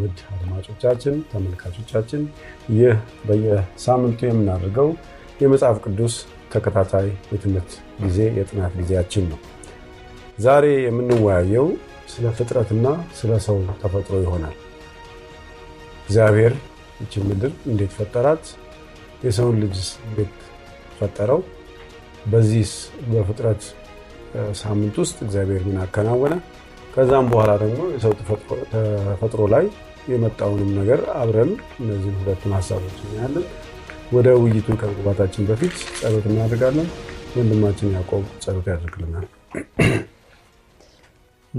ውድ አድማጮቻችን፣ ተመልካቾቻችን ይህ በየሳምንቱ የምናደርገው የመጽሐፍ ቅዱስ ተከታታይ የትምህርት ጊዜ የጥናት ጊዜያችን ነው። ዛሬ የምንወያየው ስለ ፍጥረትና ስለ ሰው ተፈጥሮ ይሆናል። እግዚአብሔር ይች ምድር እንዴት ፈጠራት? የሰውን ልጅስ እንዴት ፈጠረው? በዚህ በፍጥረት ሳምንት ውስጥ እግዚአብሔር ምን አከናወነ? ከዛም በኋላ ደግሞ የሰው ተፈጥሮ ላይ የመጣውንም ነገር አብረን እነዚህን ሁለቱን ሀሳቦች እናያለን። ወደ ውይይቱ ከመግባታችን በፊት ጸሎት እናደርጋለን። ወንድማችን ያዕቆብ ጸሎት ያደርግልናል።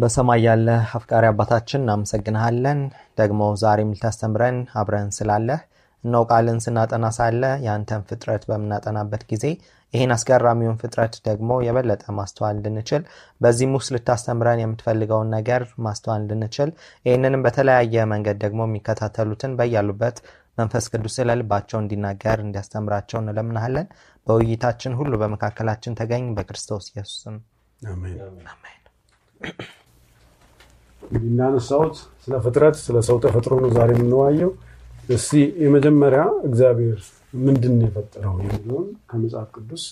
በሰማይ ያለ አፍቃሪ አባታችን እናመሰግንሃለን። ደግሞ ዛሬም ልታስተምረን አብረን ስላለህ እነው ቃልን ስናጠና ሳለ የአንተን ፍጥረት በምናጠናበት ጊዜ ይህን አስገራሚውን ፍጥረት ደግሞ የበለጠ ማስተዋል እንድንችል በዚህም ውስጥ ልታስተምረን የምትፈልገውን ነገር ማስተዋል እንድንችል ይህንንም በተለያየ መንገድ ደግሞ የሚከታተሉትን በያሉበት መንፈስ ቅዱስ ስለልባቸው እንዲናገር እንዲያስተምራቸው እንለምናሃለን። በውይይታችን ሁሉ በመካከላችን ተገኝ። በክርስቶስ ኢየሱስም እንዳነሳውት ስለ ፍጥረት ስለ ሰው ተፈጥሮ ነው ዛሬ የምንዋየው። እስቲ የመጀመሪያ እግዚአብሔር ምንድን ነው የፈጠረው የሚለውን ከመጽሐፍ ቅዱስ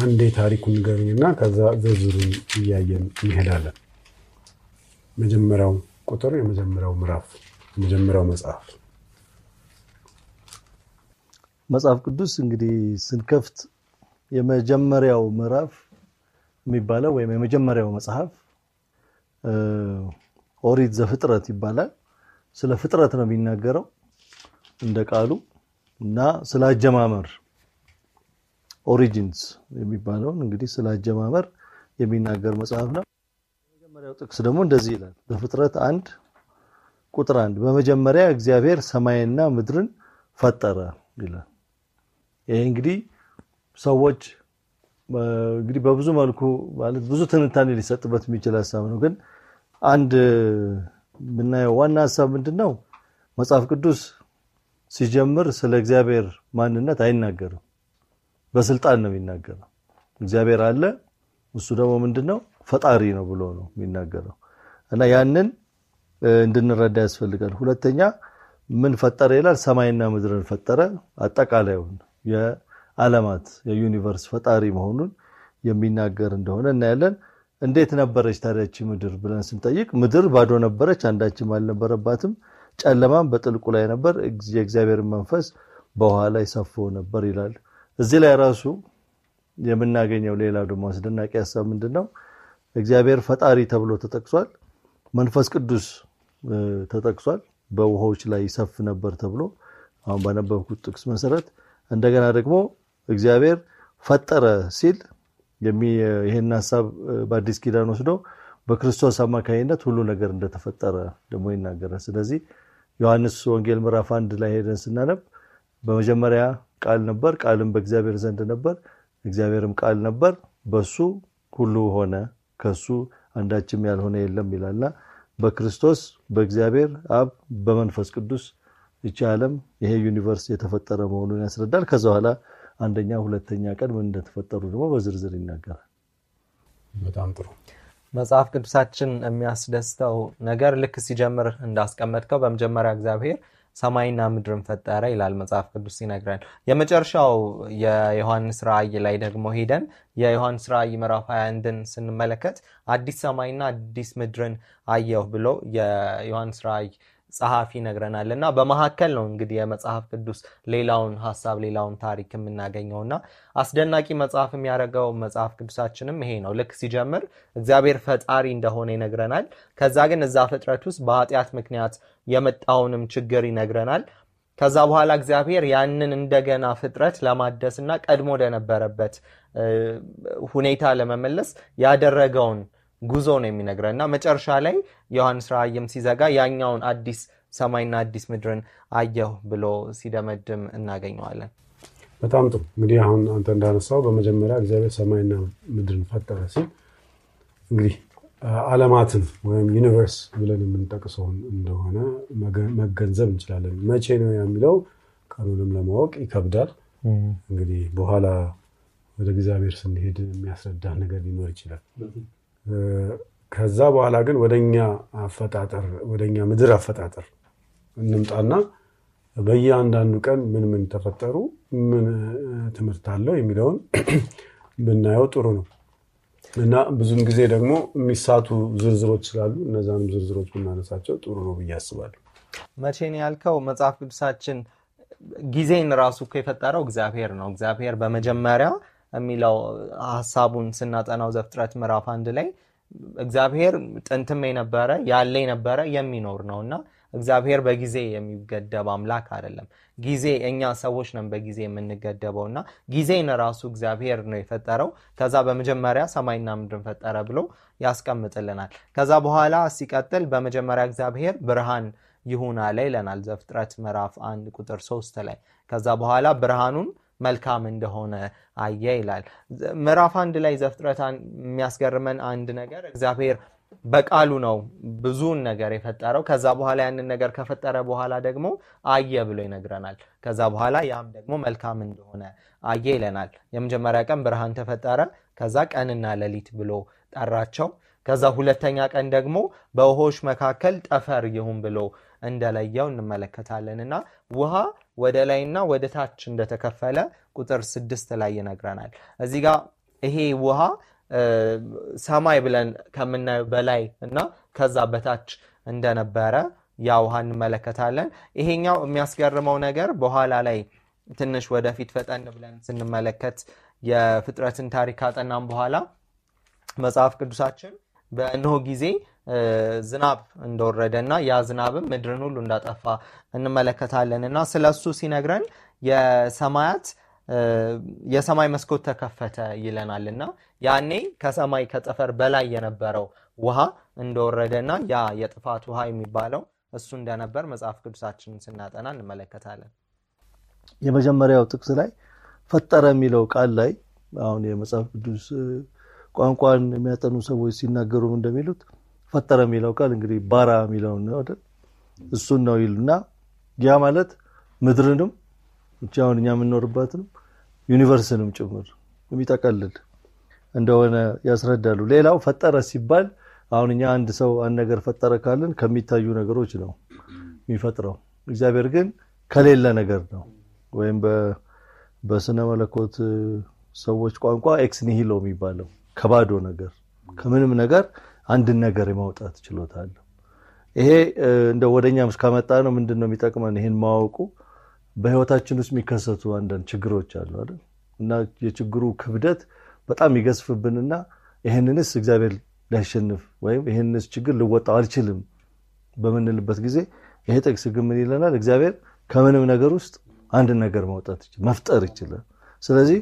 አንዴ ታሪኩን ንገሩኝና ከዛ ዝርዝሩን እያየን እንሄዳለን። መጀመሪያው ቁጥር የመጀመሪያው ምዕራፍ የመጀመሪያው መጽሐፍ መጽሐፍ ቅዱስ እንግዲህ ስንከፍት የመጀመሪያው ምዕራፍ የሚባለው ወይም የመጀመሪያው መጽሐፍ ኦሪት ዘፍጥረት ይባላል። ስለ ፍጥረት ነው የሚናገረው እንደ ቃሉ እና ስለ አጀማመር ኦሪጂንስ የሚባለውን እንግዲህ ስለ አጀማመር የሚናገር መጽሐፍ ነው። የመጀመሪያው ጥቅስ ደግሞ እንደዚህ ይላል። በፍጥረት አንድ ቁጥር አንድ በመጀመሪያ እግዚአብሔር ሰማይና ምድርን ፈጠረ ይላል። ይሄ እንግዲህ ሰዎች እንግዲህ በብዙ መልኩ ማለት ብዙ ትንታኔ ሊሰጥበት የሚችል ሀሳብ ነው። ግን አንድ የምናየው ዋና ሀሳብ ምንድን ነው? መጽሐፍ ቅዱስ ሲጀምር ስለ እግዚአብሔር ማንነት አይናገርም። በስልጣን ነው የሚናገረው። እግዚአብሔር አለ፣ እሱ ደግሞ ምንድነው ፈጣሪ ነው ብሎ ነው የሚናገረው። እና ያንን እንድንረዳ ያስፈልጋል። ሁለተኛ ምን ፈጠረ ይላል? ሰማይና ምድርን ፈጠረ። አጠቃላዩን የዓለማት የዩኒቨርስ ፈጣሪ መሆኑን የሚናገር እንደሆነ እናያለን። እንዴት ነበረች ታዲያች ምድር ብለን ስንጠይቅ ምድር ባዶ ነበረች፣ አንዳችም አልነበረባትም። ጨለማም በጥልቁ ላይ ነበር፣ የእግዚአብሔር መንፈስ በውሃ ላይ ሰፎ ነበር ይላል። እዚህ ላይ ራሱ የምናገኘው ሌላ ደግሞ አስደናቂ ሀሳብ ምንድን ነው? እግዚአብሔር ፈጣሪ ተብሎ ተጠቅሷል። መንፈስ ቅዱስ ተጠቅሷል። በውሃዎች ላይ ይሰፍ ነበር ተብሎ አሁን ባነበብኩት ጥቅስ መሰረት እንደገና ደግሞ እግዚአብሔር ፈጠረ ሲል ይህን ሀሳብ በአዲስ ኪዳን ወስደው በክርስቶስ አማካኝነት ሁሉ ነገር እንደተፈጠረ ደግሞ ይናገራል። ስለዚህ ዮሐንስ ወንጌል ምዕራፍ አንድ ላይ ሄደን ስናነብ በመጀመሪያ ቃል ነበር፣ ቃልም በእግዚአብሔር ዘንድ ነበር፣ እግዚአብሔርም ቃል ነበር፣ በሱ ሁሉ ሆነ፣ ከሱ አንዳችም ያልሆነ የለም ይላልና በክርስቶስ በእግዚአብሔር አብ በመንፈስ ቅዱስ ይቺ ዓለም ይሄ ዩኒቨርስ የተፈጠረ መሆኑን ያስረዳል። ከዛ በኋላ አንደኛ ሁለተኛ ቀን ምን እንደተፈጠሩ ደግሞ በዝርዝር ይናገራል። በጣም ጥሩ መጽሐፍ ቅዱሳችን የሚያስደስተው ነገር ልክ ሲጀምር እንዳስቀመጥከው በመጀመሪያ እግዚአብሔር ሰማይና ምድርን ፈጠረ ይላል መጽሐፍ ቅዱስ ይነግረን። የመጨረሻው የዮሐንስ ራእይ ላይ ደግሞ ሄደን የዮሐንስ ራእይ ምዕራፍ 21ን ስንመለከት አዲስ ሰማይና አዲስ ምድርን አየሁ ብሎ የዮሐንስ ራእይ ጸሐፊ ይነግረናል እና በመካከል ነው እንግዲህ የመጽሐፍ ቅዱስ ሌላውን ሀሳብ ሌላውን ታሪክ የምናገኘው እና አስደናቂ መጽሐፍ የሚያደርገው መጽሐፍ ቅዱሳችንም ይሄ ነው። ልክ ሲጀምር እግዚአብሔር ፈጣሪ እንደሆነ ይነግረናል። ከዛ ግን እዛ ፍጥረት ውስጥ በኃጢአት ምክንያት የመጣውንም ችግር ይነግረናል። ከዛ በኋላ እግዚአብሔር ያንን እንደገና ፍጥረት ለማደስ እና ቀድሞ ወደነበረበት ሁኔታ ለመመለስ ያደረገውን ጉዞ ነው የሚነግረን እና መጨረሻ ላይ ዮሐንስ ራእይም ሲዘጋ ያኛውን አዲስ ሰማይና አዲስ ምድርን አየሁ ብሎ ሲደመድም እናገኘዋለን። በጣም ጥሩ። እንግዲህ አሁን አንተ እንዳነሳው በመጀመሪያ እግዚአብሔር ሰማይና ምድርን ፈጠረ ሲል እንግዲህ አለማትን ወይም ዩኒቨርስ ብለን የምንጠቅሰውን እንደሆነ መገንዘብ እንችላለን። መቼ ነው የሚለው ቀኑንም ለማወቅ ይከብዳል። እንግዲህ በኋላ ወደ እግዚአብሔር ስንሄድ የሚያስረዳ ነገር ሊኖር ይችላል። ከዛ በኋላ ግን ወደኛ አፈጣጠር ወደኛ ምድር አፈጣጠር እንምጣና በእያንዳንዱ ቀን ምን ምን ተፈጠሩ፣ ምን ትምህርት አለው የሚለውን ብናየው ጥሩ ነው እና ብዙም ጊዜ ደግሞ የሚሳቱ ዝርዝሮች ስላሉ እነዛንም ዝርዝሮች ብናነሳቸው ጥሩ ነው ብዬ አስባለሁ። መቼን ያልከው መጽሐፍ ቅዱሳችን ጊዜን ራሱ እኮ የፈጠረው እግዚአብሔር ነው። እግዚአብሔር በመጀመሪያ የሚለው ሀሳቡን ስናጠናው ዘፍጥረት ምዕራፍ አንድ ላይ እግዚአብሔር ጥንትም የነበረ ያለ የነበረ የሚኖር ነው እና እግዚአብሔር በጊዜ የሚገደብ አምላክ አይደለም። ጊዜ እኛ ሰዎች ነን በጊዜ የምንገደበው እና ጊዜን ራሱ እግዚአብሔር ነው የፈጠረው። ከዛ በመጀመሪያ ሰማይና ምድርን ፈጠረ ብሎ ያስቀምጥልናል። ከዛ በኋላ ሲቀጥል በመጀመሪያ እግዚአብሔር ብርሃን ይሁን አለ ይለናል ዘፍጥረት ምዕራፍ አንድ ቁጥር ሶስት ላይ ከዛ በኋላ ብርሃኑን መልካም እንደሆነ አየ ይላል። ምዕራፍ አንድ ላይ ዘፍጥረታ የሚያስገርመን አንድ ነገር እግዚአብሔር በቃሉ ነው ብዙውን ነገር የፈጠረው። ከዛ በኋላ ያንን ነገር ከፈጠረ በኋላ ደግሞ አየ ብሎ ይነግረናል። ከዛ በኋላ ያም ደግሞ መልካም እንደሆነ አየ ይለናል። የመጀመሪያ ቀን ብርሃን ተፈጠረ፣ ከዛ ቀንና ለሊት ብሎ ጠራቸው። ከዛ ሁለተኛ ቀን ደግሞ በውሆች መካከል ጠፈር ይሁን ብሎ እንደለያው እንመለከታለን እና ውሃ ወደ ላይና ወደ ታች እንደተከፈለ ቁጥር ስድስት ላይ ይነግረናል። እዚህ ጋር ይሄ ውሃ ሰማይ ብለን ከምናየው በላይ እና ከዛ በታች እንደነበረ ያ ውሃ እንመለከታለን። ይሄኛው የሚያስገርመው ነገር በኋላ ላይ ትንሽ ወደፊት ፈጠን ብለን ስንመለከት የፍጥረትን ታሪክ ካጠናም በኋላ መጽሐፍ ቅዱሳችን በእንሆ ጊዜ ዝናብ እንደወረደ እና ያ ዝናብም ምድርን ሁሉ እንዳጠፋ እንመለከታለን እና ስለ እሱ ሲነግረን የሰማያት የሰማይ መስኮት ተከፈተ ይለናል እና ያኔ ከሰማይ ከጠፈር በላይ የነበረው ውሃ እንደወረደ እና ያ የጥፋት ውሃ የሚባለው እሱ እንደነበር መጽሐፍ ቅዱሳችንን ስናጠና እንመለከታለን። የመጀመሪያው ጥቅስ ላይ ፈጠረ የሚለው ቃል ላይ አሁን የመጽሐፍ ቅዱስ ቋንቋን የሚያጠኑ ሰዎች ሲናገሩም እንደሚሉት ፈጠረ የሚለው ቃል እንግዲህ ባራ የሚለውን ነው አይደል? እሱን ነው ይሉና ያ ማለት ምድርንም ብቻውን እኛ የምንኖርባትንም ዩኒቨርስንም ጭምር የሚጠቀልል እንደሆነ ያስረዳሉ። ሌላው ፈጠረ ሲባል አሁን እኛ አንድ ሰው አንድ ነገር ፈጠረ ካልን ከሚታዩ ነገሮች ነው የሚፈጥረው። እግዚአብሔር ግን ከሌለ ነገር ነው ወይም በስነ መለኮት ሰዎች ቋንቋ ኤክስ ኒሂሎ የሚባለው ከባዶ ነገር ከምንም ነገር አንድን ነገር የማውጣት ችሎታ አለው። ይሄ እንደ ወደኛም እስካመጣ ነው ምንድን ነው የሚጠቅመን? ይህን ማወቁ በህይወታችን ውስጥ የሚከሰቱ አንዳንድ ችግሮች አሉ አይደል እና የችግሩ ክብደት በጣም ይገዝፍብንና ይህንንስ እግዚአብሔር ሊያሸንፍ ወይም ይህንንስ ችግር ልወጣው አልችልም በምንልበት ጊዜ ይሄ ጥቅስ ግን ምን ይለናል? እግዚአብሔር ከምንም ነገር ውስጥ አንድ ነገር ማውጣት መፍጠር ይችላል። ስለዚህ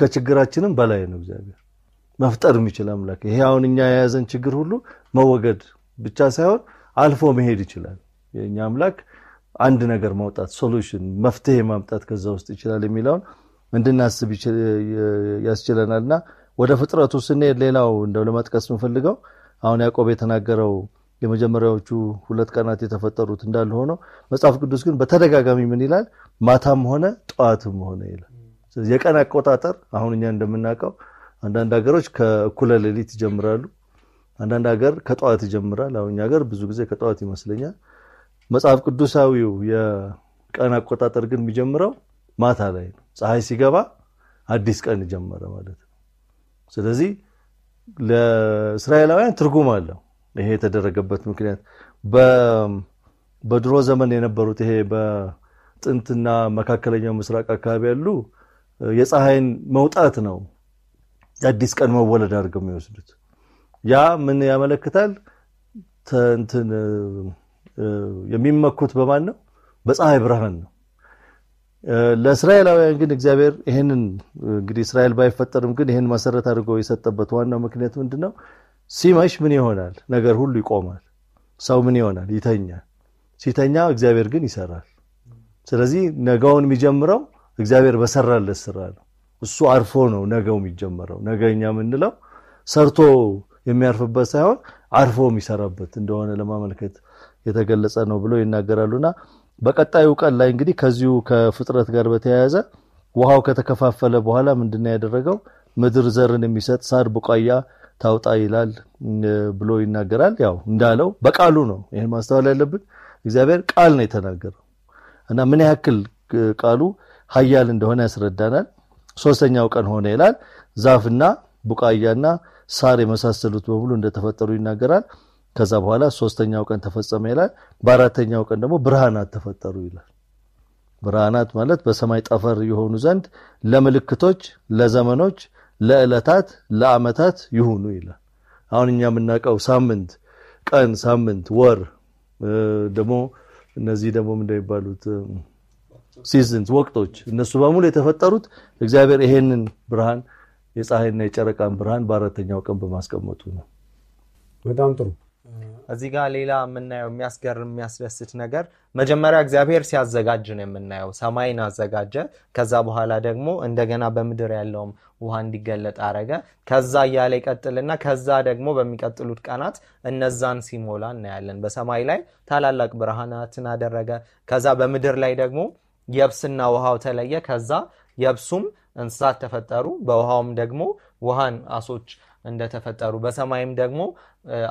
ከችግራችንም በላይ ነው እግዚአብሔር። መፍጠር የሚችል አምላክ ይሄ አሁን እኛ የያዘን ችግር ሁሉ መወገድ ብቻ ሳይሆን አልፎ መሄድ ይችላል። የእኛ አምላክ አንድ ነገር ማውጣት ሶሉሽን፣ መፍትሄ ማምጣት ከዛ ውስጥ ይችላል የሚለውን እንድናስብ ያስችለናልና ወደ ፍጥረቱ ስንሄድ ሌላው እንደው ለመጥቀስ የምፈልገው አሁን ያዕቆብ የተናገረው የመጀመሪያዎቹ ሁለት ቀናት የተፈጠሩት እንዳለ ሆኖ መጽሐፍ ቅዱስ ግን በተደጋጋሚ ምን ይላል? ማታም ሆነ ጠዋትም ሆነ ይላል። የቀን አቆጣጠር አሁን እኛ እንደምናውቀው አንዳንድ ሀገሮች ከእኩለ ሌሊት ይጀምራሉ። አንዳንድ ሀገር ከጠዋት ይጀምራል። አሁን ሀገር ብዙ ጊዜ ከጠዋት ይመስለኛል። መጽሐፍ ቅዱሳዊው የቀን አቆጣጠር ግን የሚጀምረው ማታ ላይ ነው። ፀሐይ ሲገባ አዲስ ቀን ጀመረ ማለት ነው። ስለዚህ ለእስራኤላውያን ትርጉም አለው ይሄ የተደረገበት ምክንያት በድሮ ዘመን የነበሩት ይሄ በጥንትና መካከለኛው ምስራቅ አካባቢ ያሉ የፀሐይን መውጣት ነው አዲስ ቀን መወለድ አድርገው የሚወስዱት ያ ምን ያመለክታል? እንትን የሚመኩት በማን ነው? በፀሐይ ብርሃን ነው። ለእስራኤላውያን ግን እግዚአብሔር ይሄንን እንግዲህ እስራኤል ባይፈጠርም ግን ይሄን መሰረት አድርጎ የሰጠበት ዋናው ምክንያት ምንድነው? ሲመሽ ምን ይሆናል? ነገር ሁሉ ይቆማል። ሰው ምን ይሆናል? ይተኛል። ሲተኛ እግዚአብሔር ግን ይሰራል። ስለዚህ ነገውን የሚጀምረው እግዚአብሔር በሰራለት ስራ ነው። እሱ አርፎ ነው ነገው የሚጀመረው። ነገኛ የምንለው ሰርቶ የሚያርፍበት ሳይሆን አርፎ የሚሰራበት እንደሆነ ለማመልከት የተገለጸ ነው ብሎ ይናገራሉና በቀጣዩ ቀን ላይ እንግዲህ ከዚሁ ከፍጥረት ጋር በተያያዘ ውሃው ከተከፋፈለ በኋላ ምንድን ነው ያደረገው? ምድር ዘርን የሚሰጥ ሳር ቡቃያ ታውጣ ይላል ብሎ ይናገራል። ያው እንዳለው በቃሉ ነው። ይህን ማስተዋል ያለብን እግዚአብሔር ቃል ነው የተናገረው እና ምን ያክል ቃሉ ኃያል እንደሆነ ያስረዳናል። ሶስተኛው ቀን ሆነ ይላል። ዛፍና ቡቃያና ሳር የመሳሰሉት በሙሉ እንደተፈጠሩ ይናገራል። ከዛ በኋላ ሶስተኛው ቀን ተፈጸመ ይላል። በአራተኛው ቀን ደግሞ ብርሃናት ተፈጠሩ ይላል። ብርሃናት ማለት በሰማይ ጠፈር የሆኑ ዘንድ ለምልክቶች፣ ለዘመኖች፣ ለዕለታት፣ ለአመታት ይሁኑ ይላል። አሁን እኛ የምናውቀው ሳምንት፣ ቀን፣ ሳምንት፣ ወር ደግሞ እነዚህ ደግሞ ምንደ ሲዝንስ ወቅቶች እነሱ በሙሉ የተፈጠሩት እግዚአብሔር ይሄንን ብርሃን የፀሐይና የጨረቃን ብርሃን በአራተኛው ቀን በማስቀመጡ ነው። በጣም ጥሩ። እዚህ ጋር ሌላ የምናየው የሚያስገርም የሚያስደስት ነገር መጀመሪያ እግዚአብሔር ሲያዘጋጅ ነው የምናየው። ሰማይን አዘጋጀ። ከዛ በኋላ ደግሞ እንደገና በምድር ያለውም ውሃ እንዲገለጥ አረገ። ከዛ እያለ ይቀጥልና ከዛ ደግሞ በሚቀጥሉት ቀናት እነዛን ሲሞላ እናያለን። በሰማይ ላይ ታላላቅ ብርሃናትን አደረገ። ከዛ በምድር ላይ ደግሞ የብስና ውሃው ተለየ። ከዛ የብሱም እንስሳት ተፈጠሩ። በውሃውም ደግሞ ውሃን አሶች እንደተፈጠሩ በሰማይም ደግሞ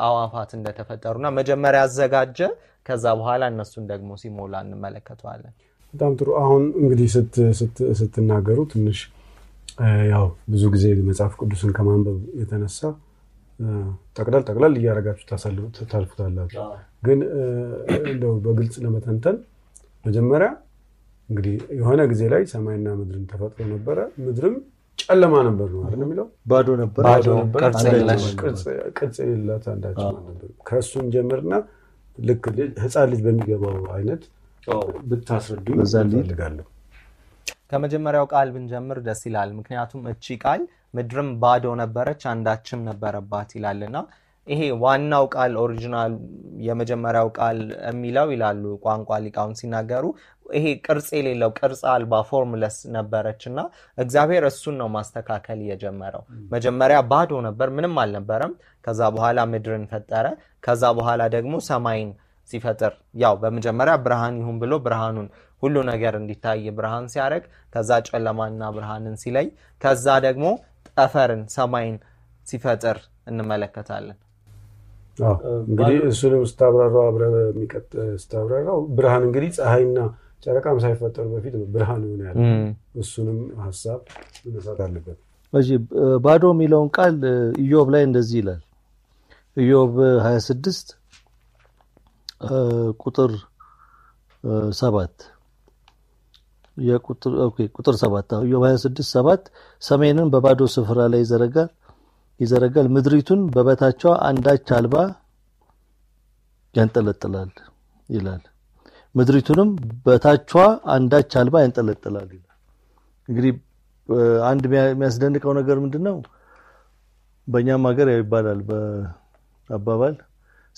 አዋፋት እና መጀመሪያ አዘጋጀ። ከዛ በኋላ እነሱን ደግሞ ሲሞላ እንመለከተዋለን። በጣም ጥሩ። አሁን እንግዲህ ስትናገሩ ትንሽ ያው ብዙ ጊዜ መጽሐፍ ቅዱስን ከማንበብ የተነሳ ጠቅለል ጠቅላል እያደረጋችሁ ታልፉታላችሁ። ግን እንደው በግልጽ ለመተንተን መጀመሪያ እንግዲህ የሆነ ጊዜ ላይ ሰማይና ምድርን ተፈጥሮ ነበረ። ምድርም ጨለማ ነበር ነው አይደል የሚለው ባዶ ነበር፣ ቅርጽ የሌላት አንዳች ነበር። ከእሱን ጀምርና ልክ ህፃን ልጅ በሚገባው አይነት ብታስረዱ እፈልጋለሁ። ከመጀመሪያው ቃል ብንጀምር ደስ ይላል። ምክንያቱም እቺ ቃል ምድርም ባዶ ነበረች፣ አንዳችም ነበረባት ይላልና ይሄ ዋናው ቃል ኦሪጂናል የመጀመሪያው ቃል የሚለው ይላሉ ቋንቋ ሊቃውን ሲናገሩ ይሄ ቅርጽ የሌለው ቅርጽ አልባ ፎርምለስ ነበረች እና እግዚአብሔር እሱን ነው ማስተካከል የጀመረው። መጀመሪያ ባዶ ነበር፣ ምንም አልነበረም። ከዛ በኋላ ምድርን ፈጠረ። ከዛ በኋላ ደግሞ ሰማይን ሲፈጥር ያው በመጀመሪያ ብርሃን ይሁን ብሎ ብርሃኑን ሁሉ ነገር እንዲታይ ብርሃን ሲያደርግ፣ ከዛ ጨለማና ብርሃንን ሲለይ፣ ከዛ ደግሞ ጠፈርን ሰማይን ሲፈጥር እንመለከታለን። እንግዲህ እሱንም ስታብራራው አብረን የሚቀጥ ስታብራራው ብርሃን እንግዲህ ፀሐይና ጨረቃም ሳይፈጠሩ በፊት ነው ብርሃን ሆነ ያለ። እሱንም ሀሳብ መነሳት አለበት። ባዶ የሚለውን ቃል ኢዮብ ላይ እንደዚህ ይላል። ኢዮብ 26 ቁጥር ሰባት ቁጥር ሰባት ኢዮብ 26 ሰባት ሰሜንን በባዶ ስፍራ ላይ ይዘረጋል ይዘረጋል፣ ምድሪቱን በበታቿ አንዳች አልባ ያንጠለጥላል ይላል። ምድሪቱንም በታቿ አንዳች አልባ ያንጠለጥላል ይላል። እንግዲህ አንድ የሚያስደንቀው ነገር ምንድነው? በእኛም ሀገር ያው ይባላል በአባባል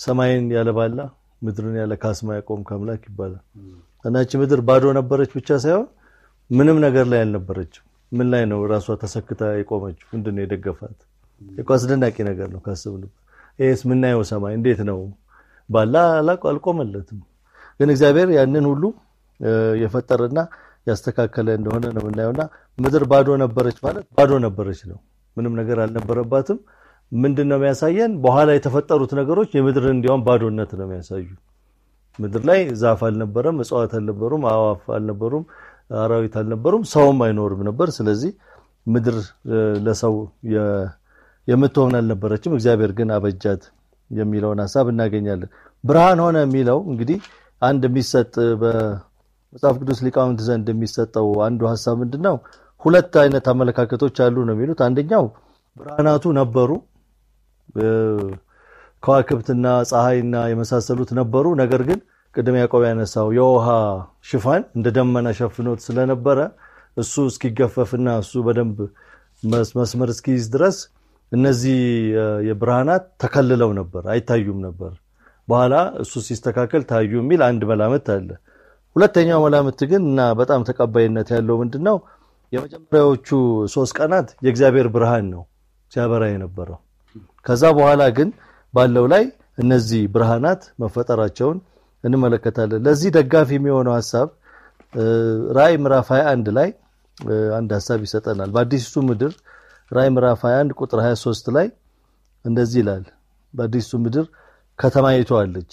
ሰማይን ያለባላ ምድርን ያለ ካስማ ያቆም ከአምላክ ይባላል። እናች ምድር ባዶ ነበረች ብቻ ሳይሆን ምንም ነገር ላይ አልነበረችም። ምን ላይ ነው ራሷ ተሰክታ የቆመችው? ምንድን ነው የደገፋት? እኮ አስደናቂ ነገር ነው ካስብን። ይሄስ የምናየው ሰማይ እንዴት ነው ባላ አልቆመለትም። ግን እግዚአብሔር ያንን ሁሉ የፈጠረና ያስተካከለ እንደሆነ ነው የምናየውና ምድር ባዶ ነበረች ማለት ባዶ ነበረች ነው። ምንም ነገር አልነበረባትም። ምንድን ነው የሚያሳየን? በኋላ የተፈጠሩት ነገሮች የምድርን እንዲያውም ባዶነት ነው የሚያሳዩ። ምድር ላይ ዛፍ አልነበረም፣ እጽዋት አልነበሩም፣ አዋፍ አልነበሩም፣ አራዊት አልነበሩም፣ ሰውም አይኖርም ነበር። ስለዚህ ምድር ለሰው የምትሆን አልነበረችም፣ እግዚአብሔር ግን አበጃት የሚለውን ሀሳብ እናገኛለን። ብርሃን ሆነ የሚለው እንግዲህ አንድ የሚሰጥ በመጽሐፍ ቅዱስ ሊቃውንት ዘንድ የሚሰጠው አንዱ ሀሳብ ምንድነው? ሁለት አይነት አመለካከቶች አሉ ነው የሚሉት። አንደኛው ብርሃናቱ ነበሩ፣ ከዋክብትና ፀሐይና የመሳሰሉት ነበሩ። ነገር ግን ቅድም ያቆብ ያነሳው የውሃ ሽፋን እንደ ደመና ሸፍኖት ስለነበረ እሱ እስኪገፈፍና እሱ በደንብ መስመር እስኪይዝ ድረስ እነዚህ የብርሃናት ተከልለው ነበር፣ አይታዩም ነበር። በኋላ እሱ ሲስተካከል ታዩ የሚል አንድ መላምት አለ። ሁለተኛው መላምት ግን እና በጣም ተቀባይነት ያለው ምንድነው የመጀመሪያዎቹ ሶስት ቀናት የእግዚአብሔር ብርሃን ነው ሲያበራ የነበረው። ከዛ በኋላ ግን ባለው ላይ እነዚህ ብርሃናት መፈጠራቸውን እንመለከታለን። ለዚህ ደጋፊ የሚሆነው ሀሳብ ራእይ ምዕራፍ 21 ላይ አንድ ሀሳብ ይሰጠናል። በአዲሲቱ ምድር ራይ ምዕራፍ 21 ቁጥር 23 ላይ እንደዚህ ይላል። በአዲሱ ምድር ከተማይቱ አለች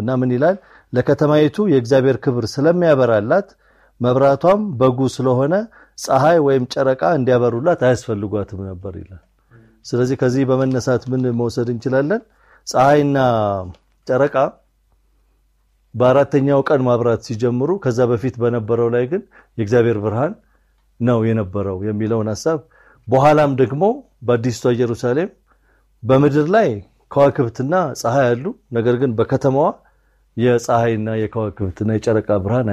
እና ምን ይላል? ለከተማይቱ የእግዚአብሔር ክብር ስለሚያበራላት መብራቷም በጉ ስለሆነ ፀሐይ ወይም ጨረቃ እንዲያበሩላት አያስፈልጓትም ነበር ይላል። ስለዚህ ከዚህ በመነሳት ምን መውሰድ እንችላለን? ፀሐይና ጨረቃ በአራተኛው ቀን ማብራት ሲጀምሩ ከዛ በፊት በነበረው ላይ ግን የእግዚአብሔር ብርሃን ነው የነበረው የሚለውን ሀሳብ በኋላም ደግሞ በአዲስቷ ኢየሩሳሌም በምድር ላይ ከዋክብትና ፀሐይ አሉ። ነገር ግን በከተማዋ የፀሐይና የከዋክብትና የጨረቃ ብርሃን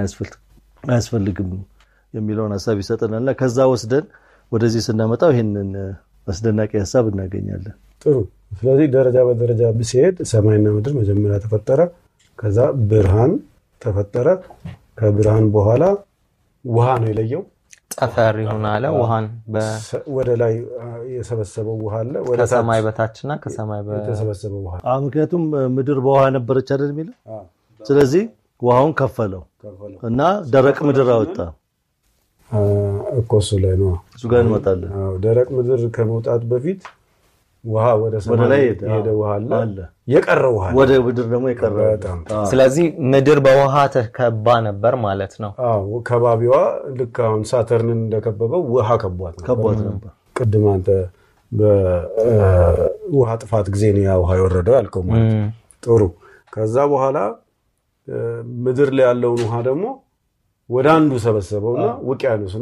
አያስፈልግም የሚለውን ሀሳብ ይሰጠናል እና ከዛ ወስደን ወደዚህ ስናመጣው ይህንን አስደናቂ ሀሳብ እናገኛለን። ጥሩ። ስለዚህ ደረጃ በደረጃ ብሲሄድ ሰማይና ምድር መጀመሪያ ተፈጠረ፣ ከዛ ብርሃን ተፈጠረ፣ ከብርሃን በኋላ ውሃ ነው የለየው ጠፈር ይሁን አለ ውሃን ወደ ላይ የሰበሰበው ውሃ አለ ከሰማይ በታችና ከሰማይ የተሰበሰበው ውሃ ምክንያቱም ምድር በውሃ ነበረች አይደል የሚለው ስለዚህ ውሃውን ከፈለው እና ደረቅ ምድር አወጣ እኮ እሱ ላይ ነው እሱ ጋር እንመጣለን ደረቅ ምድር ከመውጣት በፊት ውሃ ወደ ላይ ሄደ ውሃ አለ የቀረ ውሃ ወደ ምድር ደግሞ የቀረ ስለዚህ ምድር በውሃ ተከባ ነበር ማለት ነው። ከባቢዋ ልክ አሁን ሳተርንን እንደከበበው ውሃ ከቧት ነበር። ቅድም አንተ በውሃ ጥፋት ጊዜ ነው ያ ውሃ የወረደው ያልከው ማለት ጥሩ። ከዛ በኋላ ምድር ላይ ያለውን ውሃ ደግሞ ወደ አንዱ ሰበሰበውና ውቅያኖስ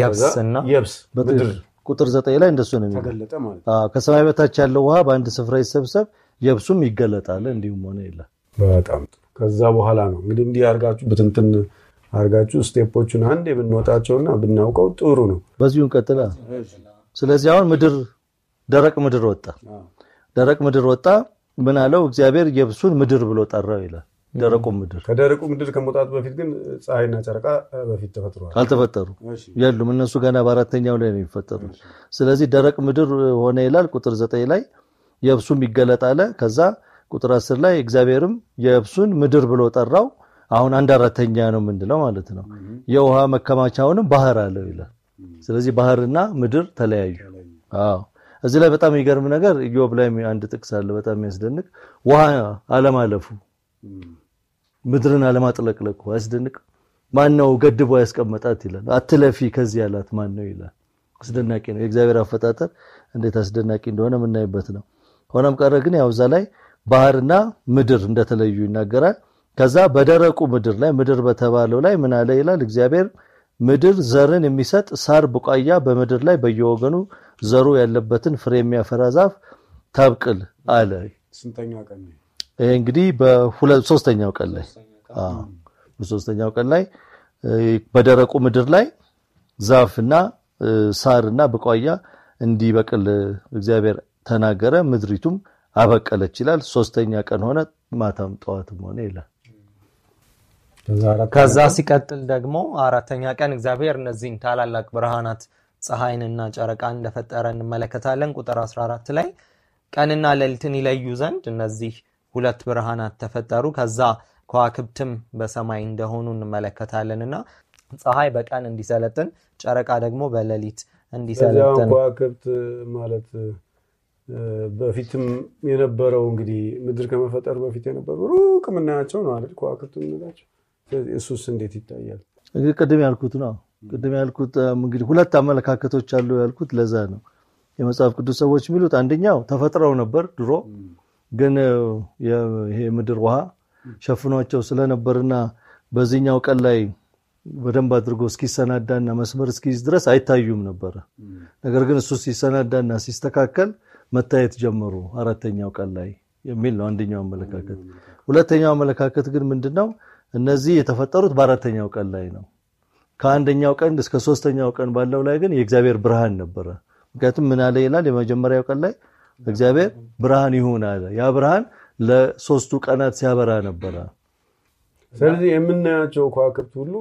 የብስና የብስ ምድር ቁጥር ዘጠኝ ላይ እንደሱ ነው ከሰማይ በታች ያለው ውሃ በአንድ ስፍራ ይሰብሰብ፣ የብሱም ይገለጣል፣ እንዲሁም ሆነ ይላል። በጣም ጥሩ። ከዛ በኋላ ነው እንግዲህ እንዲህ አርጋችሁ ብትንትን አርጋችሁ ስቴፖቹን አንድ የምንወጣቸውና ብናውቀው ጥሩ ነው። በዚሁ እንቀጥላ። ስለዚህ አሁን ምድር ደረቅ ምድር ወጣ፣ ደረቅ ምድር ወጣ። ምን አለው እግዚአብሔር? የብሱን ምድር ብሎ ጠራው ይላል ደረቁ ምድር ከደረቁ ምድር ከመውጣቱ በፊት ግን ፀሐይና ጨረቃ በፊት ተፈጥሯል። አልተፈጠሩ የሉም እነሱ ገና በአራተኛው ላይ ነው የሚፈጠሩት። ስለዚህ ደረቅ ምድር ሆነ ይላል ቁጥር ዘጠኝ ላይ የብሱም ይገለጣለ። ከዛ ቁጥር አስር ላይ እግዚአብሔርም የብሱን ምድር ብሎ ጠራው። አሁን አንድ አራተኛ ነው የምንለው ማለት ነው። የውሃ መከማቻውንም ባህር አለው ይላል። ስለዚህ ባህርና ምድር ተለያዩ። አዎ እዚህ ላይ በጣም የሚገርም ነገር ኢዮብ ላይ አንድ ጥቅስ አለ በጣም የሚያስደንቅ ውሃ አለማለፉ ምድርን አለማጥለቅለቅ አያስደንቅ? ማነው ገድቦ ያስቀመጣት ይላል። አትለፊ ከዚህ ያላት ነው ይላል። አስደናቂ ነው የእግዚአብሔር አፈጣጠር እንዴት አስደናቂ እንደሆነ የምናይበት ነው። ሆነም ቀረ ግን ያው እዛ ላይ ባህርና ምድር እንደተለዩ ይናገራል። ከዛ በደረቁ ምድር ላይ ምድር በተባለው ላይ ምን አለ ይላል እግዚአብሔር ምድር ዘርን የሚሰጥ ሳር ቡቃያ በምድር ላይ በየወገኑ ዘሩ ያለበትን ፍሬ የሚያፈራ ዛፍ ታብቅል አለ። ስንተኛ ቀን ይሄ እንግዲህ በሶስተኛው ቀን ላይ በሶስተኛው ቀን ላይ በደረቁ ምድር ላይ ዛፍና ሳርና ብቋያ እንዲበቅል እግዚአብሔር ተናገረ፣ ምድሪቱም አበቀለች ይላል። ሶስተኛ ቀን ሆነ፣ ማታም ጠዋትም ሆነ ይላል። ከዛ ሲቀጥል ደግሞ አራተኛ ቀን እግዚአብሔር እነዚህን ታላላቅ ብርሃናት ፀሐይንና ጨረቃን እንደፈጠረ እንመለከታለን። ቁጥር 14 ላይ ቀንና ሌሊትን ይለዩ ዘንድ እነዚህ ሁለት ብርሃናት ተፈጠሩ። ከዛ ከዋክብትም በሰማይ እንደሆኑ እንመለከታለን እና ፀሐይ በቀን እንዲሰለጥን፣ ጨረቃ ደግሞ በሌሊት እንዲሰለጥን ከዋክብት ማለት በፊትም የነበረው እንግዲህ ምድር ከመፈጠሩ በፊት የነበሩ ሩቅ የምናያቸው ነው አይደል? ከዋክብት የምንላቸው እሱስ እንዴት ይታያል? እንግዲህ ቅድም ያልኩት ነው። ቅድም ያልኩት እንግዲህ ሁለት አመለካከቶች አሉ ያልኩት ለዛ ነው። የመጽሐፍ ቅዱስ ሰዎች የሚሉት አንደኛው ተፈጥረው ነበር ድሮ ግን ይሄ ምድር ውሃ ሸፍኗቸው ስለነበርና በዚህኛው ቀን ላይ በደንብ አድርጎ እስኪሰናዳና መስመር እስኪይዝ ድረስ አይታዩም ነበረ። ነገር ግን እሱ ሲሰናዳና ሲስተካከል መታየት ጀመሩ አራተኛው ቀን ላይ የሚል ነው አንደኛው አመለካከት። ሁለተኛው አመለካከት ግን ምንድነው? እነዚህ የተፈጠሩት በአራተኛው ቀን ላይ ነው። ከአንደኛው ቀን እስከ ሶስተኛው ቀን ባለው ላይ ግን የእግዚአብሔር ብርሃን ነበረ። ምክንያቱም ምን አለ ይላል የመጀመሪያው ቀን ላይ እግዚአብሔር ብርሃን ይሁን አለ። ያ ብርሃን ለሶስቱ ቀናት ሲያበራ ነበረ። ስለዚህ የምናያቸው ከዋክብት ሁሉ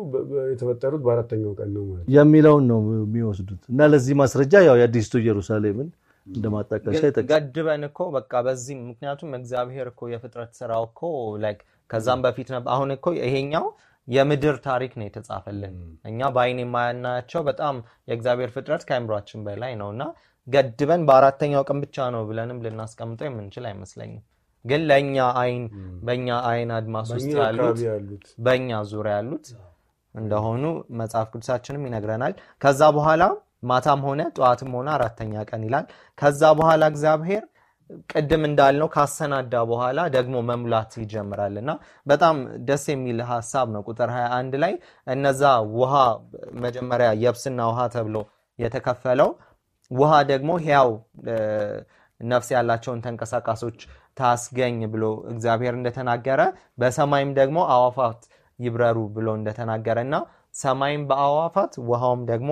የተፈጠሩት በአራተኛው ቀን ነው ማለት የሚለውን ነው የሚወስዱት እና ለዚህ ማስረጃ ያው የአዲስቱ ኢየሩሳሌምን እንደማጣቀሻ ገድበን እኮ በቃ በዚህ ምክንያቱም እግዚአብሔር እኮ የፍጥረት ስራው እኮ ላይክ ከዛም በፊት ነበር። አሁን እኮ ይሄኛው የምድር ታሪክ ነው የተጻፈልን። እኛ በአይን የማያናያቸው በጣም የእግዚአብሔር ፍጥረት ከአይምሯችን በላይ ነው እና ገድበን በአራተኛው ቀን ብቻ ነው ብለንም ልናስቀምጠው የምንችል አይመስለኝም። ግን ለእኛ አይን በእኛ አይን አድማስ ውስጥ ያሉት በእኛ ዙሪያ ያሉት እንደሆኑ መጽሐፍ ቅዱሳችንም ይነግረናል። ከዛ በኋላ ማታም ሆነ ጠዋትም ሆነ አራተኛ ቀን ይላል። ከዛ በኋላ እግዚአብሔር ቅድም እንዳልነው ካሰናዳ በኋላ ደግሞ መሙላት ይጀምራል እና በጣም ደስ የሚል ሀሳብ ነው። ቁጥር 21 ላይ እነዛ ውሃ መጀመሪያ የብስና ውሃ ተብሎ የተከፈለው ውሃ ደግሞ ሕያው ነፍስ ያላቸውን ተንቀሳቃሶች ታስገኝ ብሎ እግዚአብሔር እንደተናገረ በሰማይም ደግሞ አዋፋት ይብረሩ ብሎ እንደተናገረ እና ሰማይም በአዋፋት ውሃውም ደግሞ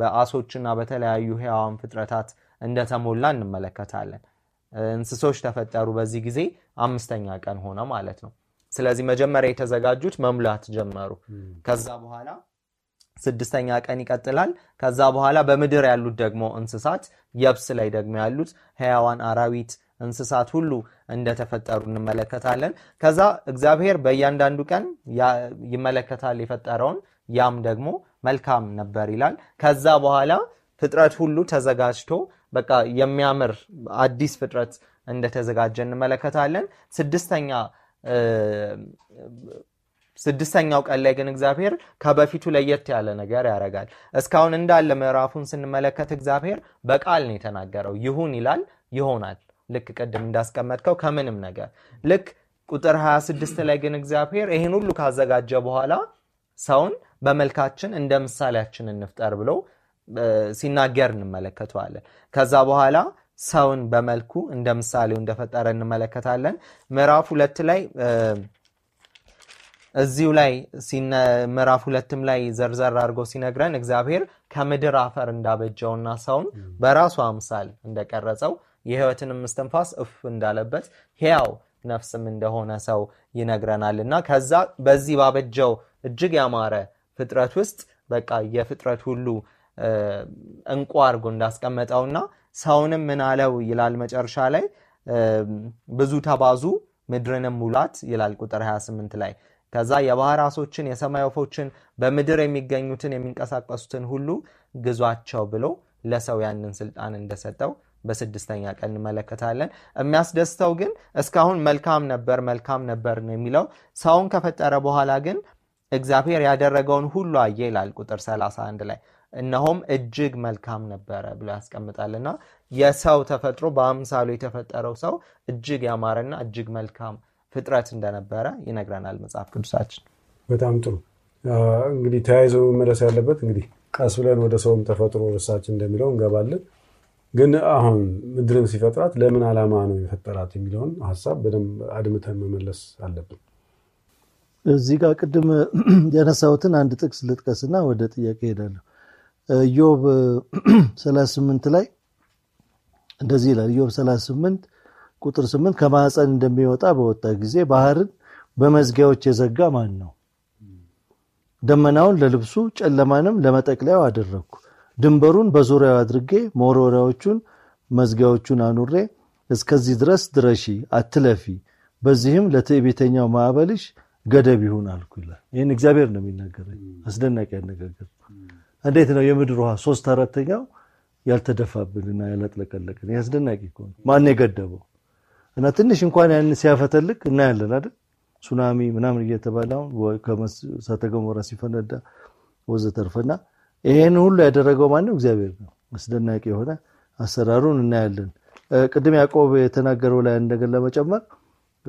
በአሶችና በተለያዩ ሕያዋን ፍጥረታት እንደተሞላ እንመለከታለን። እንስሶች ተፈጠሩ። በዚህ ጊዜ አምስተኛ ቀን ሆነ ማለት ነው። ስለዚህ መጀመሪያ የተዘጋጁት መሙላት ጀመሩ። ከዛ በኋላ ስድስተኛ ቀን ይቀጥላል። ከዛ በኋላ በምድር ያሉት ደግሞ እንስሳት የብስ ላይ ደግሞ ያሉት ሕያዋን አራዊት እንስሳት ሁሉ እንደተፈጠሩ እንመለከታለን። ከዛ እግዚአብሔር በእያንዳንዱ ቀን ይመለከታል የፈጠረውን፣ ያም ደግሞ መልካም ነበር ይላል። ከዛ በኋላ ፍጥረት ሁሉ ተዘጋጅቶ በቃ የሚያምር አዲስ ፍጥረት እንደተዘጋጀ እንመለከታለን። ስድስተኛ ስድስተኛው ቀን ላይ ግን እግዚአብሔር ከበፊቱ ለየት ያለ ነገር ያደርጋል። እስካሁን እንዳለ ምዕራፉን ስንመለከት እግዚአብሔር በቃል ነው የተናገረው። ይሁን ይላል፣ ይሆናል። ልክ ቅድም እንዳስቀመጥከው ከምንም ነገር ልክ ቁጥር 26 ላይ ግን እግዚአብሔር ይህን ሁሉ ካዘጋጀ በኋላ ሰውን በመልካችን እንደ ምሳሌያችን እንፍጠር ብሎ ሲናገር እንመለከተዋለን። ከዛ በኋላ ሰውን በመልኩ እንደ ምሳሌው እንደፈጠረ እንመለከታለን። ምዕራፍ ሁለት ላይ እዚሁ ላይ ምዕራፍ ሁለትም ላይ ዘርዘር አድርጎ ሲነግረን እግዚአብሔር ከምድር አፈር እንዳበጀውና ሰውን በራሱ አምሳል እንደቀረጸው የህይወትን ምስትንፋስ እፍ እንዳለበት ሕያው ነፍስም እንደሆነ ሰው ይነግረናል እና ከዛ በዚህ ባበጀው እጅግ ያማረ ፍጥረት ውስጥ በቃ የፍጥረት ሁሉ እንቁ አድርጎ እንዳስቀመጠውና ሰውንም ምን አለው ይላል መጨረሻ ላይ ብዙ ተባዙ ምድርንም ሙላት ይላል ቁጥር 28 ላይ ከዛ የባህር አሶችን የሰማይ ወፎችን በምድር የሚገኙትን የሚንቀሳቀሱትን ሁሉ ግዟቸው ብሎ ለሰው ያንን ስልጣን እንደሰጠው በስድስተኛ ቀን እንመለከታለን። የሚያስደስተው ግን እስካሁን መልካም ነበር መልካም ነበር ነው የሚለው። ሰውን ከፈጠረ በኋላ ግን እግዚአብሔር ያደረገውን ሁሉ አየ ይላል ቁጥር 31 ላይ እነሆም እጅግ መልካም ነበረ ብሎ ያስቀምጣልና የሰው ተፈጥሮ በአምሳሉ የተፈጠረው ሰው እጅግ ያማረና እጅግ መልካም ፍጥረት እንደነበረ ይነግረናል መጽሐፍ ቅዱሳችን። በጣም ጥሩ እንግዲህ ተያይዞ መመለስ ያለበት እንግዲህ ቀስ ብለን ወደ ሰውም ተፈጥሮ እርሳችን እንደሚለው እንገባለን። ግን አሁን ምድርን ሲፈጥራት ለምን ዓላማ ነው የፈጠራት የሚለውን ሀሳብ በደንብ አድምተን መመለስ አለብን። እዚህ ጋር ቅድም ያነሳሁትን አንድ ጥቅስ ልጥቀስና ወደ ጥያቄ ሄዳለሁ። ኢዮብ 38 ላይ እንደዚህ ይላል። ኢዮብ 38 ቁጥር ስምንት ከማህፀን እንደሚወጣ በወጣ ጊዜ ባህርን በመዝጊያዎች የዘጋ ማን ነው? ደመናውን ለልብሱ ጨለማንም ለመጠቅለያው አደረግኩ። ድንበሩን በዙሪያው አድርጌ መወረወሪያዎቹን መዝጊያዎቹን አኑሬ እስከዚህ ድረስ ድረሺ አትለፊ፣ በዚህም ለትዕቢተኛው ማዕበልሽ ገደብ ይሁን አልኩ ይላል። ይህን እግዚአብሔር ነው የሚናገረኝ። አስደናቂ ያነጋገር እንዴት ነው የምድር ውሃ ሶስት አራተኛው ያልተደፋብንና ያላጥለቀለቅን። አስደናቂ ማን የገደበው? እና ትንሽ እንኳን ያን ሲያፈተልክ እናያለን አይደል? ሱናሚ ምናምን እየተባለ እሳተ ገሞራ ሲፈነዳ ወዘተርፈና ይሄን ሁሉ ያደረገው ማነው? እግዚአብሔር ነው። አስደናቂ የሆነ አሰራሩን እናያለን። ቅድም ያዕቆብ የተናገረው ላይ አንድ ነገር ለመጨመር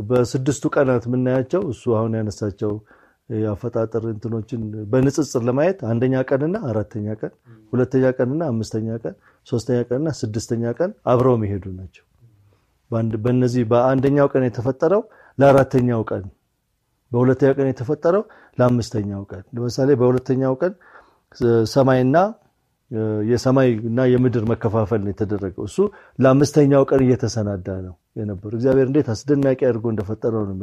በስድስቱ ቀናት የምናያቸው እሱ አሁን ያነሳቸው የአፈጣጠር እንትኖችን በንጽጽር ለማየት አንደኛ ቀንና አራተኛ ቀን፣ ሁለተኛ ቀንና አምስተኛ ቀን፣ ሶስተኛ ቀንና ስድስተኛ ቀን አብረው የሚሄዱ ናቸው። በነዚህ በእነዚህ በአንደኛው ቀን የተፈጠረው ለአራተኛው ቀን በሁለተኛው ቀን የተፈጠረው ለአምስተኛው ቀን ለምሳሌ በሁለተኛው ቀን ሰማይና የሰማይና የምድር መከፋፈል ነው የተደረገው። እሱ ለአምስተኛው ቀን እየተሰናዳ ነው የነበረው። እግዚአብሔር እንዴት አስደናቂ አድርጎ እንደፈጠረው ነው።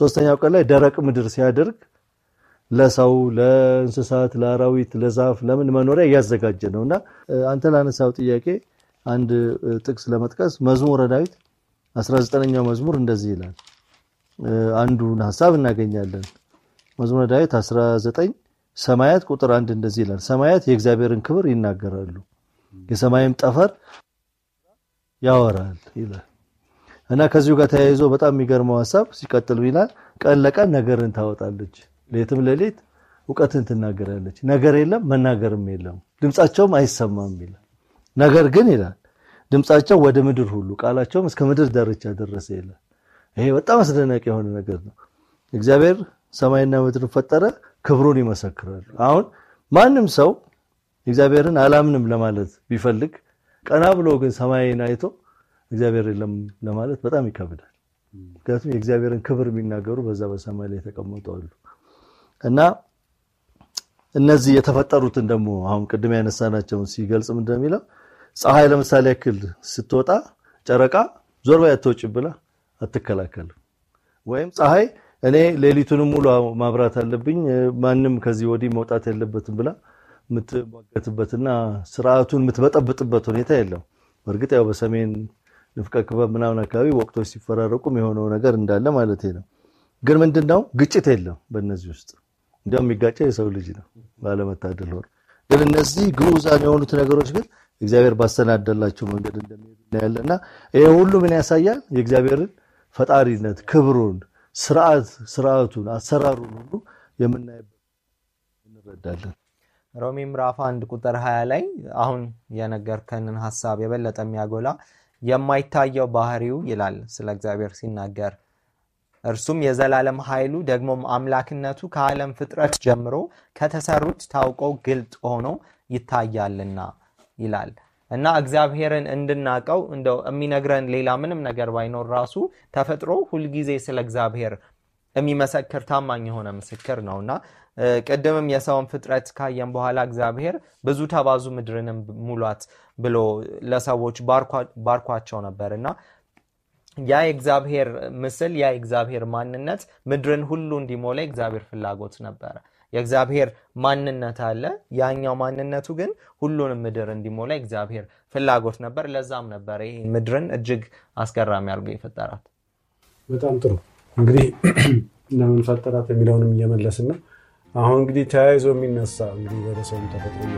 ሶስተኛው ቀን ላይ ደረቅ ምድር ሲያደርግ ለሰው፣ ለእንስሳት፣ ለአራዊት፣ ለዛፍ፣ ለምን መኖሪያ እያዘጋጀ እና አንተ ላነሳው ጥያቄ አንድ ጥቅስ ለመጥቀስ መዝሙረ ዳዊት 19ኛው መዝሙር እንደዚህ ይላል። አንዱን ሐሳብ እናገኛለን። መዝሙረ ዳዊት 19 ሰማያት ቁጥር አንድ እንደዚህ ይላል። ሰማያት የእግዚአብሔርን ክብር ይናገራሉ፣ የሰማይም ጠፈር ያወራል ይላል እና ከዚሁ ጋር ተያይዞ በጣም የሚገርመው ሐሳብ ሲቀጥል ይላል ቀን ለቀን ነገርን ታወጣለች፣ ሌትም ለሌት እውቀትን ትናገራለች። ነገር የለም መናገርም የለም ድምጻቸውም አይሰማም ይላል። ነገር ግን ይላል ድምፃቸው ወደ ምድር ሁሉ ቃላቸውም እስከ ምድር ዳርቻ ደረሰ ይላል። ይሄ በጣም አስደናቂ የሆነ ነገር ነው። እግዚአብሔር ሰማይና ምድርን ፈጠረ፣ ክብሩን ይመሰክራሉ። አሁን ማንም ሰው እግዚአብሔርን አላምንም ለማለት ቢፈልግ ቀና ብሎ ግን ሰማይን አይቶ እግዚአብሔር የለም ለማለት በጣም ይከብዳል። ምክንያቱም የእግዚአብሔርን ክብር የሚናገሩ በዛ በሰማይ ላይ የተቀመጡ አሉ እና እነዚህ የተፈጠሩትን ደግሞ አሁን ቅድም ያነሳናቸውን ሲገልጽ ምንድን ነው የሚለው ፀሐይ ለምሳሌ ያክል ስትወጣ ጨረቃ ዞር በይ አትወጪ ብላ አትከላከልም። ወይም ፀሐይ እኔ ሌሊቱንም ሙሉ ማብራት አለብኝ ማንም ከዚህ ወዲህ መውጣት የለበትም ብላ የምትሟገትበትና ስርዓቱን የምትበጠብጥበት ሁኔታ የለም። በእርግጥ ያው በሰሜን ንፍቀ ክበብ ምናምን አካባቢ ወቅቶች ሲፈራረቁ የሆነው ነገር እንዳለ ማለት ነው። ግን ምንድነው ግጭት የለም በእነዚህ ውስጥ እንዲያውም የሚጋጨው የሰው ልጅ ነው ባለመታደል ሆኖ። ግን እነዚህ ግዑዛን የሆኑት ነገሮች ግን እግዚአብሔር ባሰናደላቸው መንገድ እንደሚሄዱ እናያለን ይህ ሁሉ ምን ያሳያል? የእግዚአብሔርን ፈጣሪነት፣ ክብሩን፣ ስርዓት ስርዓቱን፣ አሰራሩን ሁሉ የምናይበት እንረዳለን። ሮሚ ምዕራፍ አንድ ቁጥር 20 ላይ አሁን የነገርከንን ሀሳብ የበለጠ የሚያጎላ የማይታየው ባህሪው ይላል ስለ እግዚአብሔር ሲናገር እርሱም የዘላለም ኃይሉ ደግሞም አምላክነቱ ከዓለም ፍጥረት ጀምሮ ከተሰሩት ታውቆ ግልጥ ሆኖ ይታያልና ይላል እና እግዚአብሔርን እንድናቀው እንደው የሚነግረን ሌላ ምንም ነገር ባይኖር ራሱ ተፈጥሮ ሁልጊዜ ስለ እግዚአብሔር የሚመሰክር ታማኝ የሆነ ምስክር ነው እና ቅድምም የሰውን ፍጥረት ካየን በኋላ እግዚአብሔር ብዙ ተባዙ ምድርንም ሙሏት ብሎ ለሰዎች ባርኳቸው ነበር እና ያ የእግዚአብሔር ምስል ያ የእግዚአብሔር ማንነት ምድርን ሁሉ እንዲሞላ እግዚአብሔር ፍላጎት ነበረ። የእግዚአብሔር ማንነት አለ። ያኛው ማንነቱ ግን ሁሉንም ምድር እንዲሞላ እግዚአብሔር ፍላጎት ነበር። ለዛም ነበር ይሄ ምድርን እጅግ አስገራሚ አድርጎ የፈጠራት። በጣም ጥሩ እንግዲህ ለምን ፈጠራት የሚለውንም እየመለስን ነው። አሁን እንግዲህ ተያይዞ የሚነሳ እንግዲህ ወደ ሰውም ተፈጥሮ